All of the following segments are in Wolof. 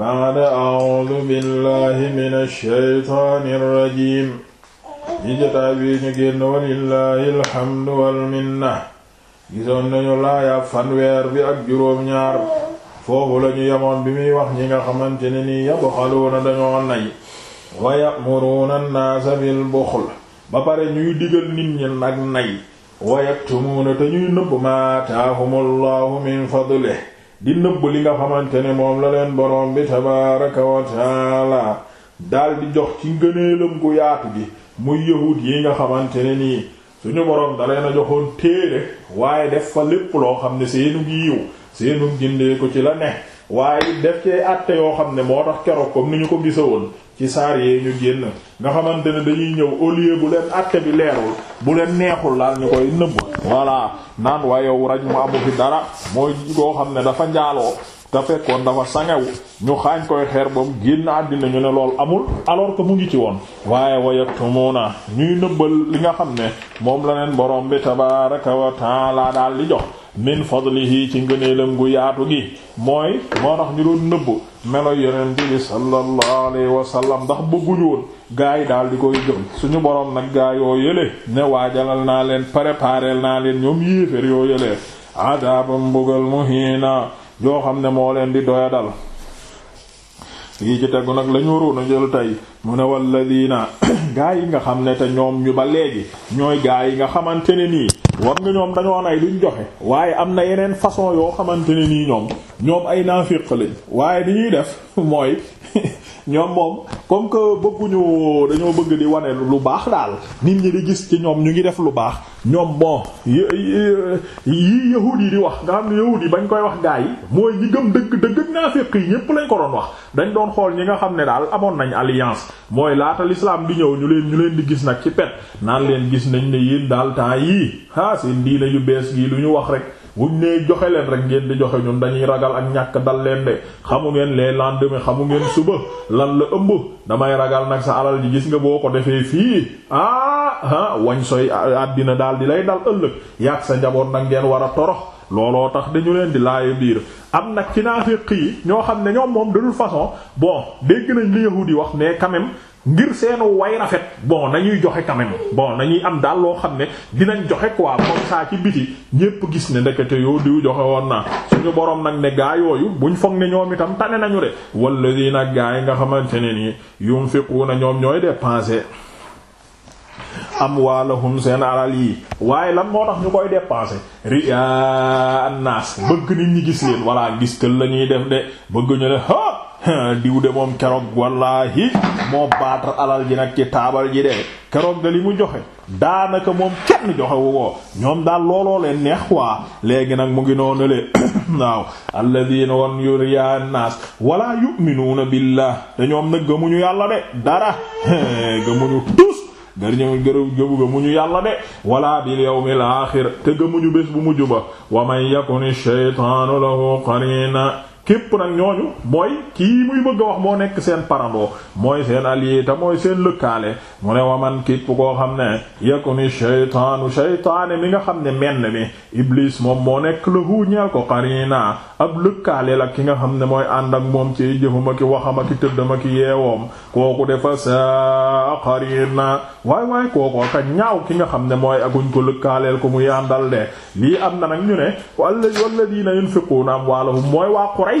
baada audu billahi min alsheytaani jotaay bi ñu génn walillahi alhamdu walminna gisoon nañu laaya fanweer bi ak juróom-ñaar foofu lañu yemoon bi muy wax ñi nga xamante ne nii yabxaluuna dañoo nay wa ya'muruuna bil buxl ba pare ñuy digal nit ñi nag nay wa yaktumuuna te ñuy nëbb maa ataahum di nëbb li nga xamante ne moom la leen borom bi tabaaraka wa taala daal di jox ci ngëneelam gu yaatu bi muy yahuud yi nga xamante ne nii suñu borom da leen a joxoon téere waaye def fa lépp loo xam ne seenu yiw seenu gindee ko ci la ne waaye def ci àtte yoo xam ne moo tax keroog comme ni ñu ko gisawoon ci saar yee ñu génn nga xamante ne dañuy ñëw au lieu bu leen àtte bi leerul bu leen neexul laal ñu koy nëbb voilà naan waaye yow raj mu amu dara mooy koo xam ne dafa njaaloo te fekkoon dafa sangewu ñu xaañ koy xeer ba mu génn àddina ñu ne lool amul alors que mu ngi ci woon waaye wayatumuuna ñuy nëbbal li nga xam ne moom la neen borom bi tabaraka wa daal di jox min fadlihi ci ngëneelam gu yaatu gi mooy moo tax ñu doon nëbb melo yonent bi sallallahu alayhi wa sallam ndax bëgguñu woon gaa yi daal di koy jëm suñu borom nag gaa yoo yële ne waajalal naa leen préparel naa leen ñoom yéefér yoo yëlee adabam mbugal muhiina yoo xam ne moo leen di doya dal lii ci tegu nag lañu ñu a jël tey mu ne walladina gaa yi nga xam ne te ñoom ñu ba léegi ñooy gaa yi nga xamante ne nii war nga ñoom dañoo nay duñ joxe waaye am na yeneen façon yoo xamante ne nii ñoom ñoom ay naafiq lañ waaye li ñuy def mooy ñoom moom comme que bëgguñu dañoo bëgg di wane lu baax daal nit ñi di gis ci ñoom ñu ngi def lu baax ñoom bon yii yahuud yi di wax nga xam ne yahuud yi bañ koy wax gaa yi mooy ñi gëm dëgg dëgg naafiq yi ñépp lañ ko doon wax dañ doon xool ñi nga xam ne daal amoon nañ alliance mooy laata lislaam di ñëw ñu leen ñu leen di gis nag ci pet naan leen gis nañ ne yéen daal temps yii ah seen diina yu bees gi lu ñu wax rek buñ nee joxe leen rek ngeen di joxe ñun dañuy ragal ak ñàkk dal leen de xamu ngeen lee les lendemain xamu ngeen suba lan la ëmb damay ragal nag sa alal ji gis nga boo ko defee fii ah ah wañ sooy àddina daal di lay dal ëllëg yàgg sa njaboot nag ngeen war a torox looloo tax dañu leen di laaye biir am nag ci naafiq yi ñoo xam ne ñoom moom de façon bon dégg nañ li yahudi yi wax mais quand ngir seenu way rafet bon nañuy joxe quand même bon nañuy am daal loo xam ne dinañ joxe quoi comme ça ci biti ñépp gis ne ndekete yoo diw joxe woon naa suñu borom nag ne gaa yooyu buñ foog ne ñoom itam tane nañu de wala lii nag gaa yi nga xamante ne nii yunfiquna ñoom ñooy dépenser amwaalahum seen alal yi waaye lan moo tax ñu koy dépenser riyaa annaas bëgg nit ñi gis leen walla gis kël la def de bëgg ñu ne ha diw de moom keroog wallaahi moo baatar alal ji nag ci taabal ji de keroog de li mu joxe daanaka moom kenn joxe wu ko ñoom daal looloo leen neex waa léegi nag mu ngi noonu le waaw alladina won yuriya naas wala yu'minuuna billah te ñoom nag gëmuñu yàlla de dara gëmuñu tus gërñë gërë gëbu gëmuñu yàlla de wala bil yawmil aaxir te gëmuñu bés bu mujj ba wa man yakuni shaytaanu lahu qarina képp nag ñooñu mooy kii muy bëgg a wax moo nekk seen parandoo mooy seen allié te mooy seen lëkkaale mu ne waman képp koo xam ne yakuni shaytaanu shaytaane mi nga xam ne menn mi iblis moom moo nekk lahu ñeel ko qarina ab lëkkaale la ki nga xam ne mooy ànd ak moom ci jëfuma ki waxama ki tëddama ki yeewoom kooku defa saa qarina waay waay kooku ak ñaaw ki nga xam ne mooy akuñ ko lëkkaaleel ko mu yàndal de lii am na nag ñu ne walla walladiina yunfiquuna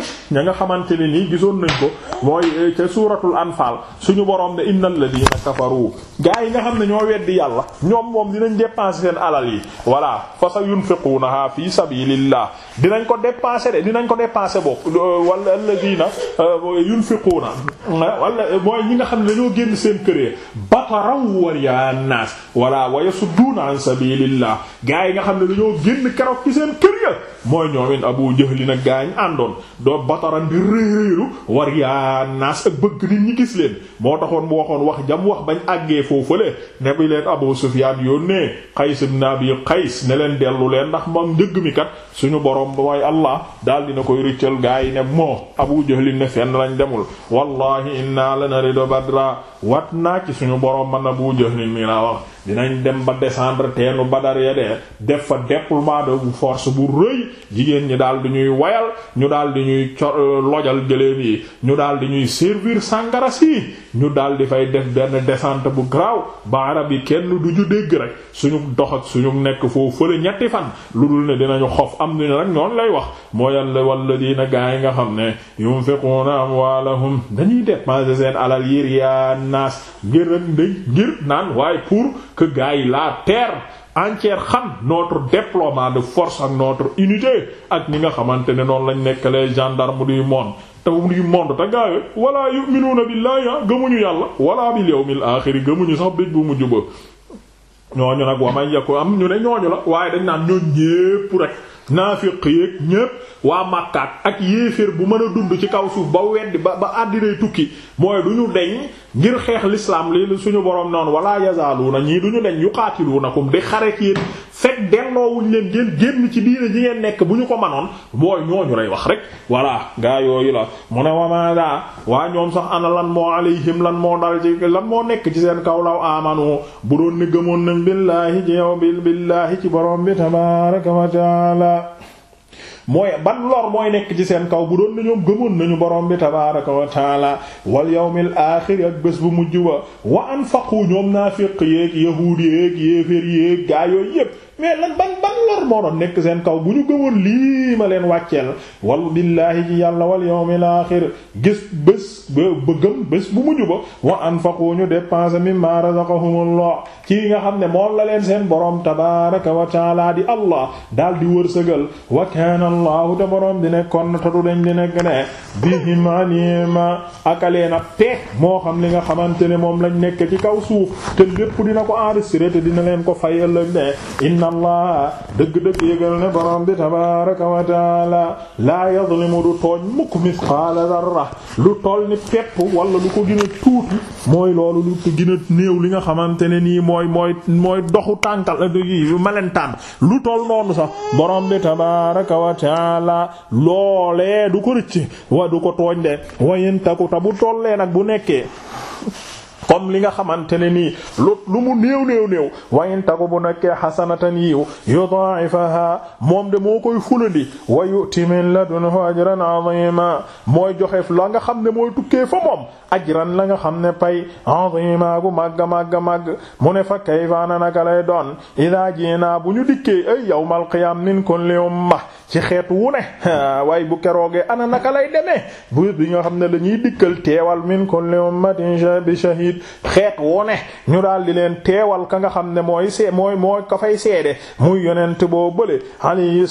mooy ña nga xamante ne nii gisoon nañ ko mooy eh, ca suuratul anfaal suñu borom ne innal ladina kafaru gaa yi nga xam ne ñoo weddi yàlla ñoom moom dinañ dépenser seen alal yi voilà fa sa yunfiqunaha fi sabilillah dinañ ko dépenser de dinañ ko dépenser bokk eh, wala alladina eh, yunfiquuna wala mooy ñi nga xam ne dañoo génn seen kër bataraw war ya naas voilà wa yasudduna an sabilillah gaa yi nga xam ne dañoo génn keroog ci seen kër ya mooy ñoomin abu jahli nag gaa ñu àndoon doo bataran di réy réylu war yaa naas ak bëgg nit ñi gis leen moo taxoon mu waxoon wax jam wax bañ àggee foofale ne bi leen Abu Sufyaan yónnee Qays ibn Abi Qays ne leen dellu leen ndax moom njëgg mi kat suñu borom mooy Allah daal dina koy rëccal gaa yi ne moo Abu Jahl ne fenn lañ demul wallahi inna lanaridu badra wat naa ci suñu borom man Abu Jahl mi la wax dinañ dem ba descendre teenu Badar ya de def fa déploiement bu force bu rëy jigéen ñi daal di ñuy wayal ñu daal di ñuy euh, lojal gëléem yi ñu daal di ñuy servir sàngara si ñu daal di fay def benn descente bu garaaw ba arab yi kenn du ñu dégg rek suñu dox ak suñu nekk foofu fële ñetti fan lu dul ne dinañu xof am nañu rek ñoon lay wax moo yàlla walladina gaa yi nga xam ne yunfiquna amwalahum dañuy dépenser seen alal yir yaa naas ngir ngir naan waaye pour que gaa yi la terre entière xam notre déploiement de force ak notre ak ñi nga xamante ne noonu lañu nekk les gendarmes du te yu monde te gaa yooyu yu'minuuna billaahi ah, gëmuñu yàlla wala bil yawmil aaxiri gëmuñu sax bés bu mujj ba ñooñu nag wa man yaku am ñu ne ñooñu la waaye dañ naan ñooñ ñépp rek naafiq yeeg ñépp waa màkkaat ak yéeféer bu mën a dund ci kaw suuf ba weddi ba ba àddinay tukki mooy du ñu deñ ngir xeex l'islam li suñu borom noonu wala na ñii du ñu na yuqaatiluunakum di xare yéen fekk delloowuñ leen ngeen génn ci diine ji ngeen nekk bu ñu ko manoon mooy ñooñu lay wax rek voilà gaa yooyu la a ne wamada waa ñoom sax ana lan moo alayhim lan moo dal ci lan moo nekk ci seen kaw law amanu bu doon ni gëmoon nañ billaahi ci yow bi billaahi mooy ban lor mooy nekk ci seen kaw bu doon na ñoom gëmoon nañu borom bi tabaaraka wa taala wal yawmil aaxir ak bés bu mujj ba wa anfaqu ñoom naafiq yéeg yahuud yéeg yéeféer yéeg gaa yooyu yépp mais lan ban leer moo doon nekk seen kaw bu ñu gëmoon lii ma leen wàcceel wal billaahi ci yàlla wal yawmil aaxir gis bés ba ba gëm bés bu mujj ba wa anfaqu ñu dépensé mimma razaqahumullah ci nga xam ne moom la leen seen borom tabaaraka wa taala di allah daal di wërsëgal wa kaana allahu te borom di nekkoon te du dañ di nekk ne bihim ma ak a peek moo xam li nga xamante ne moom lañ nekk ci kaw suuf te lépp dina ko enregistré te dina leen ko fay ëllëg ne inna dëgg-dëgg yégal ne borom bi tabaraka wa taala laa yazlimu du tooñ mukk misqaala darra lu toll ni pepp wala lu ko gën tuuti mooy loolu lu ko néew li nga xamante ne nii mooy mooy mooy doxu tànkal malentaan lu toll noonu sax borom bi tabaraka wa taala loolee du ko rëcc wa du ko tooñ de wayen taku bu tollee nag bu nekkee comme li nga xamante ne ni lu lu mu new néew néew wayin tagu bu nekkee xasanatan yiw yudaa'ifaha moom de moo koy fulandi wa yu'ti min ladunhu ajran azima mooy joxeef la nga xam ne mooy tukkee fa moom ajran la nga xam ne pay azima gu màgga màgga màgg mu ne fa kayfa naka lay doon idaa jiinaa bu ñu dikkee ay yawmal qiyaam min kulli ummah ci xeet wu ne bu keroogee ana naka lay bu bi nga xam ne la ñuy dikkal teewal min kulli ummatin bi shahid xeet wu ñu daal di leen teewal ka nga xam ne mooy see mooy mooy ka mu seede muy yonent boo bële alayhi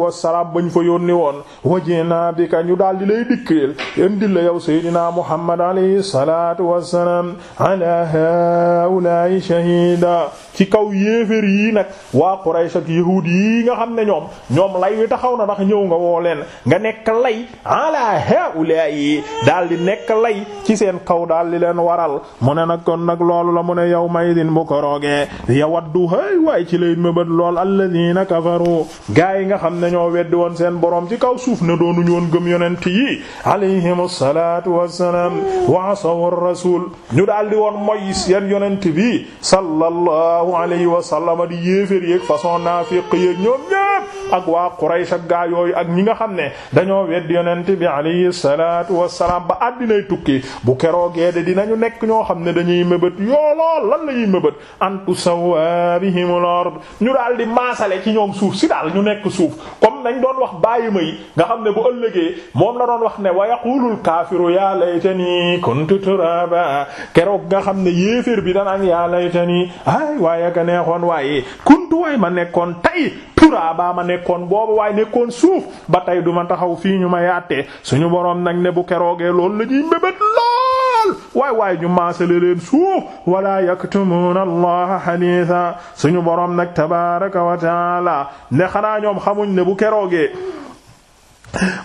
wassalaam bañ fa yónni woon wajina bi ka ñu daal di lay dikkal indi la yow seydina muhammad alayhi salaatu wassalaam ala haula'i shahida ci kaw yéeféer yii nag waa Quraysh ak yahuud yi nga xam ne ñoom ñoom lay wi taxaw na ndax ñëw nga woo leen nga nekk lay ala haula yi daal di nekk lay ci seen kaw daal di leen waral mu ne nag kon nag loolu la mu ne yow may din bu ko roogee yawaddu hay waaye ci lay mëbët lool alladina kafaru gaa yi nga xam ne ñoo weddi woon seen boroom ci kaw suuf na doonuñu woon gëm yonent yi alayhim salaatu wassalaam wa asaw rasul ñu daal di woon moy seen yonent bi sallallahu sallallahu alayhi wa sallam di yéeféer yéeg façon naafiq yéeg ñoom ñépp ak waa Quraysh ak gaa yooyu ak ñi nga xam ne dañoo weddi yonent bi alayhi salaatu wassalaam ba àddinay tukki bu keroogee de dina ñu nekk ñoo xam ne dañuy mëbët yooloo lool lan la ñuy mëbët an tusawwa bihimul ard ñu daal di maasale ci ñoom suuf si daal ñu nekk suuf comme nañ doon wax bàyyi ma yi nga xam ne bu ëllëgee moom la doon wax ne wa yaqulul kaafiru yaa laytani kuntu turaba keroog nga xam ne yéeféer bi danaan yaa laytani ay waaye ka neexoon waaye kuntu way ma nekkoon tay turaaba ma nekkoon boobu waaye nekkoon suuf ba tey duma taxaw fii ñu ma yaatee suñu boroom nag ne bu keroogee loolu la ñuy mbébét lool waay waay ñu maasale leen suuf wala yaktumuna allaha haditha suñu boroom nag tabaraka wa taala ne xanaa ñoom xamuñ ne bu keroogee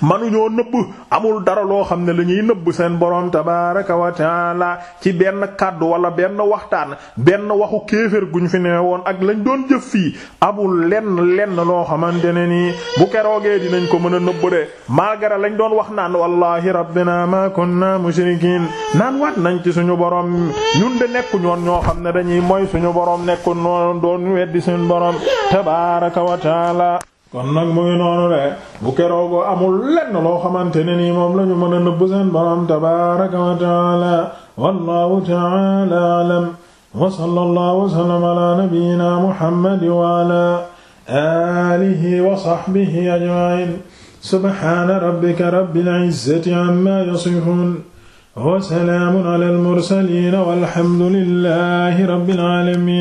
manuñoo nëbb amul dara loo xam ne la ñuy nëbb seen borom tabaaraka wa taala ci benn kàddu wala benn waxtaan benn waxu kéefër guñ fi nee woon ak lañ doon jëf fii amul lenn lenn loo xamante ne nii bu keroogee dinañ ko mën a nëbb de malgré lañ doon wax naan wallahi rabbina ma kunna mushrikiin naan waat nañ ci suñu borom ñun de nekku ñoon ñoo xam ne dañuy mooy suñu borom nekku noonu doon weddi seen borom tabaaraka wa taala kon nag mu ngi noonu de bu keroogoo amul lenn loo xamante ne nii moom lañu mën a nëbb seen boroom tabaaraka wa taala wallahu taala alam wa sallallahu wa sallam ala nabiyyina muhammad wa ala alihi wa sahbihi ajma'in subhana rabbika rabbil izzati amma yasifun wa salaamun ala al mursalin walhamdulillahi rabbil alamin